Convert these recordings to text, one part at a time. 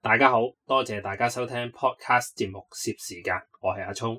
大家好，多謝大家收聽 Podcast 節目攝時間，我係阿聰。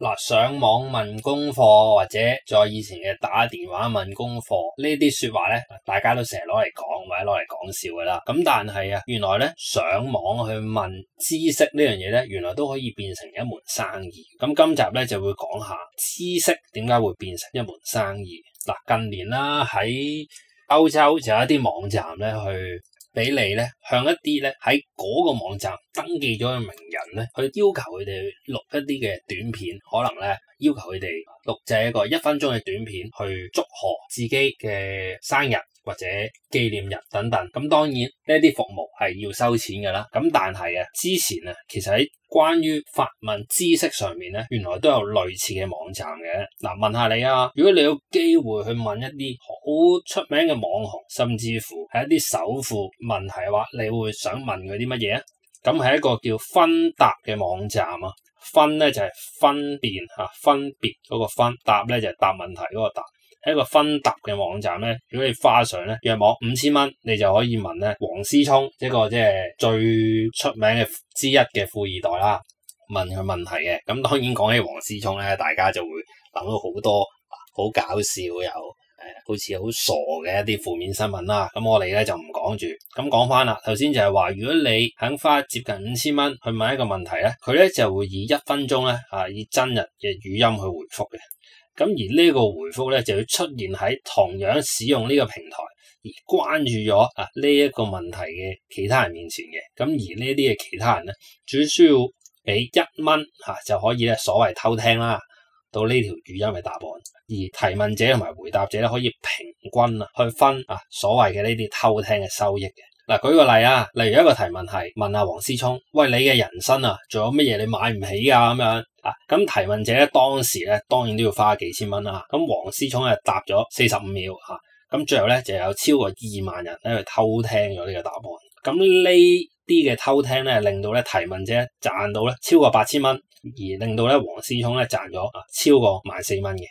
嗱，上網問功課或者再以前嘅打電話問功課呢啲說話咧，大家都成日攞嚟講或者攞嚟講笑噶啦。咁但係啊，原來咧上網去問知識呢樣嘢咧，原來都可以變成一門生意。咁今集咧就會講下知識點解會變成一門生意。嗱，近年啦喺歐洲就有一啲網站咧去。俾你咧，向一啲咧喺嗰個網站登記咗嘅名人咧，去要求佢哋錄一啲嘅短片，可能咧要求佢哋，錄製一個一分鐘嘅短片去祝賀自己嘅生日或者紀念日等等，咁當然呢啲服務係要收錢嘅啦。咁但係啊，之前啊，其實喺關於發問知識上面咧，原來都有類似嘅網站嘅。嗱，問下你啊，如果你有機會去問一啲好出名嘅網紅，甚至乎係一啲首富問題嘅話，你會想問佢啲乜嘢啊？咁係一個叫分答嘅網站啊，分咧就係分辨嚇，分別嗰個分，答咧就係答問題嗰個答，一個分答嘅網站咧。如果你花上咧約網五千蚊，你就可以問咧黃思聰，一個即係最出名嘅之一嘅富二代啦，問佢問題嘅。咁當然講起黃思聰咧，大家就會諗到好多好搞笑有。好似好傻嘅一啲負面新聞啦，咁我哋咧就唔講住，咁講翻啦。頭先就係話，如果你肯花接近五千蚊去問一個問題咧，佢咧就會以一分鐘咧啊，以真人嘅語音去回覆嘅。咁而呢個回覆咧就要出現喺同樣使用呢個平台而關注咗啊呢一個問題嘅其他人面前嘅。咁而呢啲嘅其他人咧，只需要俾一蚊嚇就可以咧所謂偷聽啦。到呢條語音嘅答案，而提問者同埋回答者咧可以平均啊去分啊所謂嘅呢啲偷聽嘅收益嘅。嗱，舉個例啊，例如一個提問係問下黃思聰，喂你嘅人生啊，仲有乜嘢你買唔起啊咁樣啊？咁提問者當時咧，當然都要花幾千蚊啦。咁、啊、黃思聰啊答咗四十五秒啊，咁最後咧就有超過二萬人喺度偷聽咗呢個答案。咁呢啲嘅偷聽咧，令到咧提問者賺到咧超過八千蚊。而令到咧黃思聰咧賺咗啊超過萬四蚊嘅。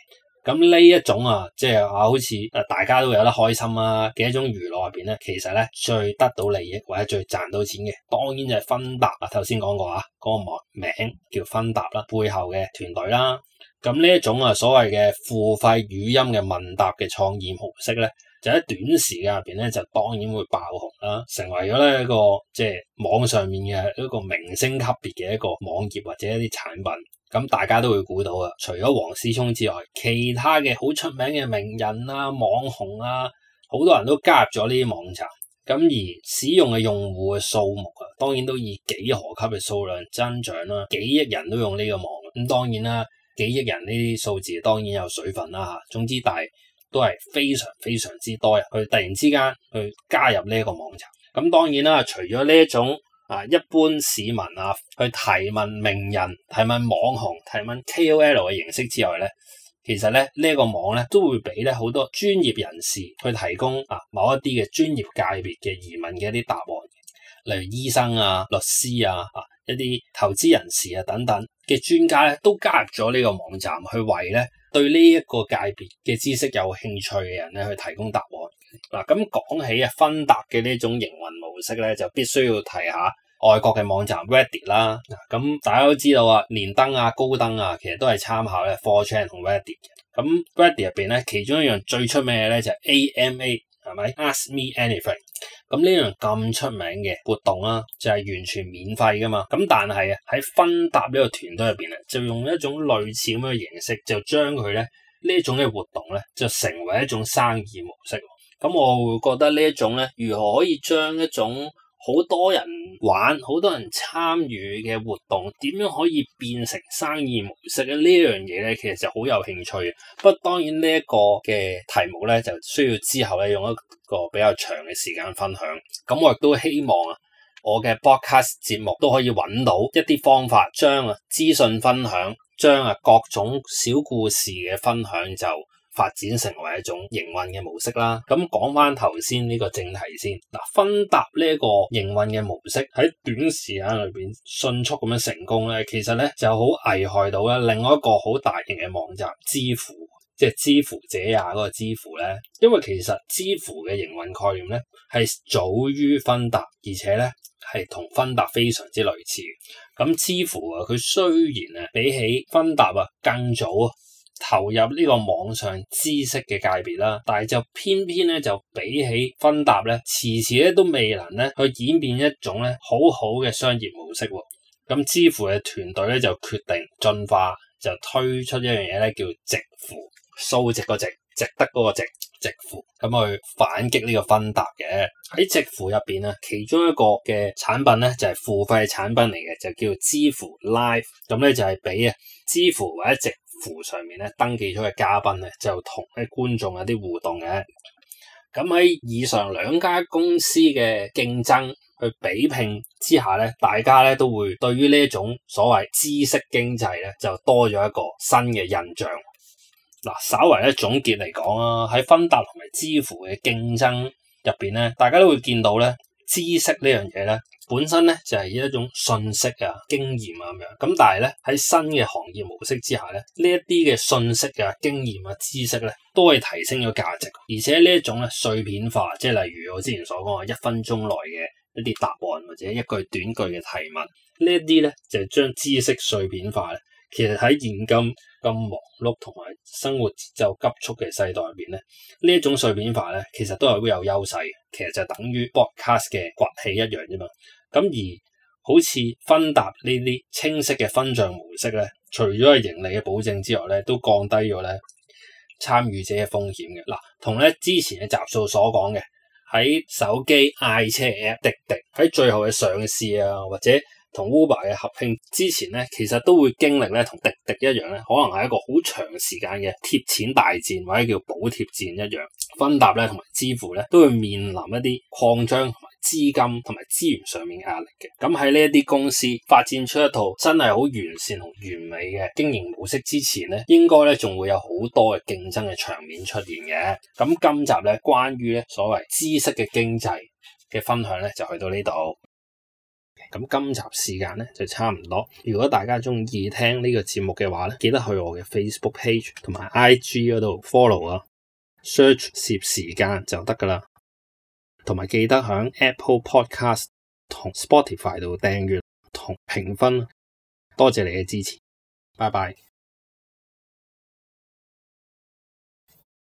咁呢一種啊即係啊好似啊大家都有得開心啊嘅一種娛樂入邊咧，其實咧最得到利益或者最賺到錢嘅，當然就係分答啊，頭先講過啊嗰、那個網名叫分答啦，背後嘅團隊啦，咁呢一種啊所謂嘅付費語音嘅問答嘅創意模式咧，就喺短時間入邊咧，就當然會爆紅啦，成為咗呢一個即係、就是、網上面嘅一個明星級別嘅一個網頁或者一啲產品，咁大家都會估到啊。除咗王思聰之外，其他嘅好出名嘅名人啊、網紅啊，好多人都加入咗呢啲網站。咁而使用嘅用戶嘅數目啊，當然都以幾何級嘅數量增長啦，幾億人都用呢個網。咁當然啦，幾億人呢啲數字當然有水分啦。總之但係。都係非常非常之多嘅，佢突然之間去加入呢一個網站。咁當然啦，除咗呢一種啊一般市民啊去提問名人、提問網紅、提問 KOL 嘅形式之外咧，其實咧呢一個網咧都會俾咧好多專業人士去提供啊某一啲嘅專業界別嘅疑問嘅一啲答案，例如醫生啊、律師啊、啊一啲投資人士啊等等嘅專家咧都加入咗呢個網站去為咧。對呢一個界別嘅知識有興趣嘅人咧，去提供答案。嗱，咁講起啊，起分答嘅呢種營運模式咧，就必須要提下外國嘅網站 Reddit 啦。咁、啊、大家都知道啊，連登啊、高登啊，其實都係參考咧 4chan 同 Reddit 嘅。咁 Reddit 入邊咧，其中一樣最出名嘅咧就係 AMA，係咪？Ask me anything。咁呢樣咁出名嘅活動啦、啊，就係、是、完全免費噶嘛。咁但係喺、啊、分答呢個團隊入邊咧，就用一種類似咁樣嘅形式就將，就將佢咧呢一種嘅活動咧，就成為一種生意模式。咁、嗯、我會覺得呢一種咧，如何可以將一種，好多人玩，好多人參與嘅活動，點樣可以變成生意模式嘅呢樣嘢咧？其實就好有興趣。不過當然呢一個嘅題目咧，就需要之後咧用一個比較長嘅時間分享。咁我亦都希望啊，我嘅 broadcast 節目都可以揾到一啲方法，將啊資訊分享，將啊各種小故事嘅分享就發展成為一種營運嘅模式啦。咁講翻頭先呢個正題先。嗱、啊，分答呢一個營運嘅模式喺短時間裏邊迅速咁樣成功咧，其實咧就好危害到咧另外一個好大型嘅網站——知乎，即係知乎者呀嗰個值乎咧。因為其實值乎嘅營運概念咧係早於分答，而且咧係同分答非常之類似。咁值乎啊，佢雖然啊比起分答啊更早啊。投入呢個網上知識嘅界別啦，但係就偏偏咧就比起分答咧，遲遲咧都未能咧去演變一種咧好好嘅商業模式喎。咁知乎嘅團隊咧就決定進化，就推出一樣嘢咧叫值乎，數值嗰值，值得嗰個值，值乎咁去反擊呢個分答嘅。喺值乎入邊咧，其中一個嘅產品咧就係、是、付費產品嚟嘅，就叫知乎 Live，啊。咁咧就係俾啊知乎或者值。上面咧登記咗嘅嘉賓咧就同啲觀眾有啲互動嘅。咁喺以上兩家公司嘅競爭去比拼之下咧，大家咧都會對於呢一種所謂知識經濟咧就多咗一個新嘅印象。嗱，稍為咧總結嚟講啦，喺分答同埋值乎嘅競爭入邊咧，大家都會見到咧。知識呢樣嘢咧，本身咧就係、是、一種信息啊、經驗啊咁樣，咁但係咧喺新嘅行業模式之下咧，呢一啲嘅信息啊、經驗啊、知識咧，都係提升咗價值，而且呢一種咧碎片化，即係例如我之前所講嘅「一分鐘內」嘅一啲答案或者一句短句嘅提問，呢一啲咧就係、是、將知識碎片化咧，其實喺現今。咁忙碌同埋生活節奏急速嘅世代入邊咧，呢一種碎片化咧，其實都係會有優勢。其實就等於 broadcast 嘅崛起一樣啫嘛。咁而好似分答呢啲清晰嘅分賬模式咧，除咗係盈利嘅保證之外咧，都降低咗咧參與者嘅風險嘅。嗱，同咧之前嘅集數所講嘅，喺手機嗌車 App 滴滴喺最後嘅上市啊，或者。同 Uber 嘅合併之前咧，其實都會經歷咧同滴滴一樣咧，可能係一個好長時間嘅貼錢大戰或者叫補貼戰一樣，分答咧同埋支付咧都會面臨一啲擴張同埋資金同埋資源上面嘅壓力嘅。咁喺呢一啲公司發展出一套真係好完善同完美嘅經營模式之前咧，應該咧仲會有好多嘅競爭嘅場面出現嘅。咁今集咧關於咧所謂知識嘅經濟嘅分享咧，就去到呢度。噉今集時間呢就差唔多，如果大家鍾意聽呢個節目嘅話咧，記得去我嘅 Facebook page 同埋 IG 嗰度 follow 啊，search 攝時間就得㗎喇，同埋記得喺 Apple Podcast 同 Spotify 度訂閱同評分啊，多謝你嘅支持，拜拜。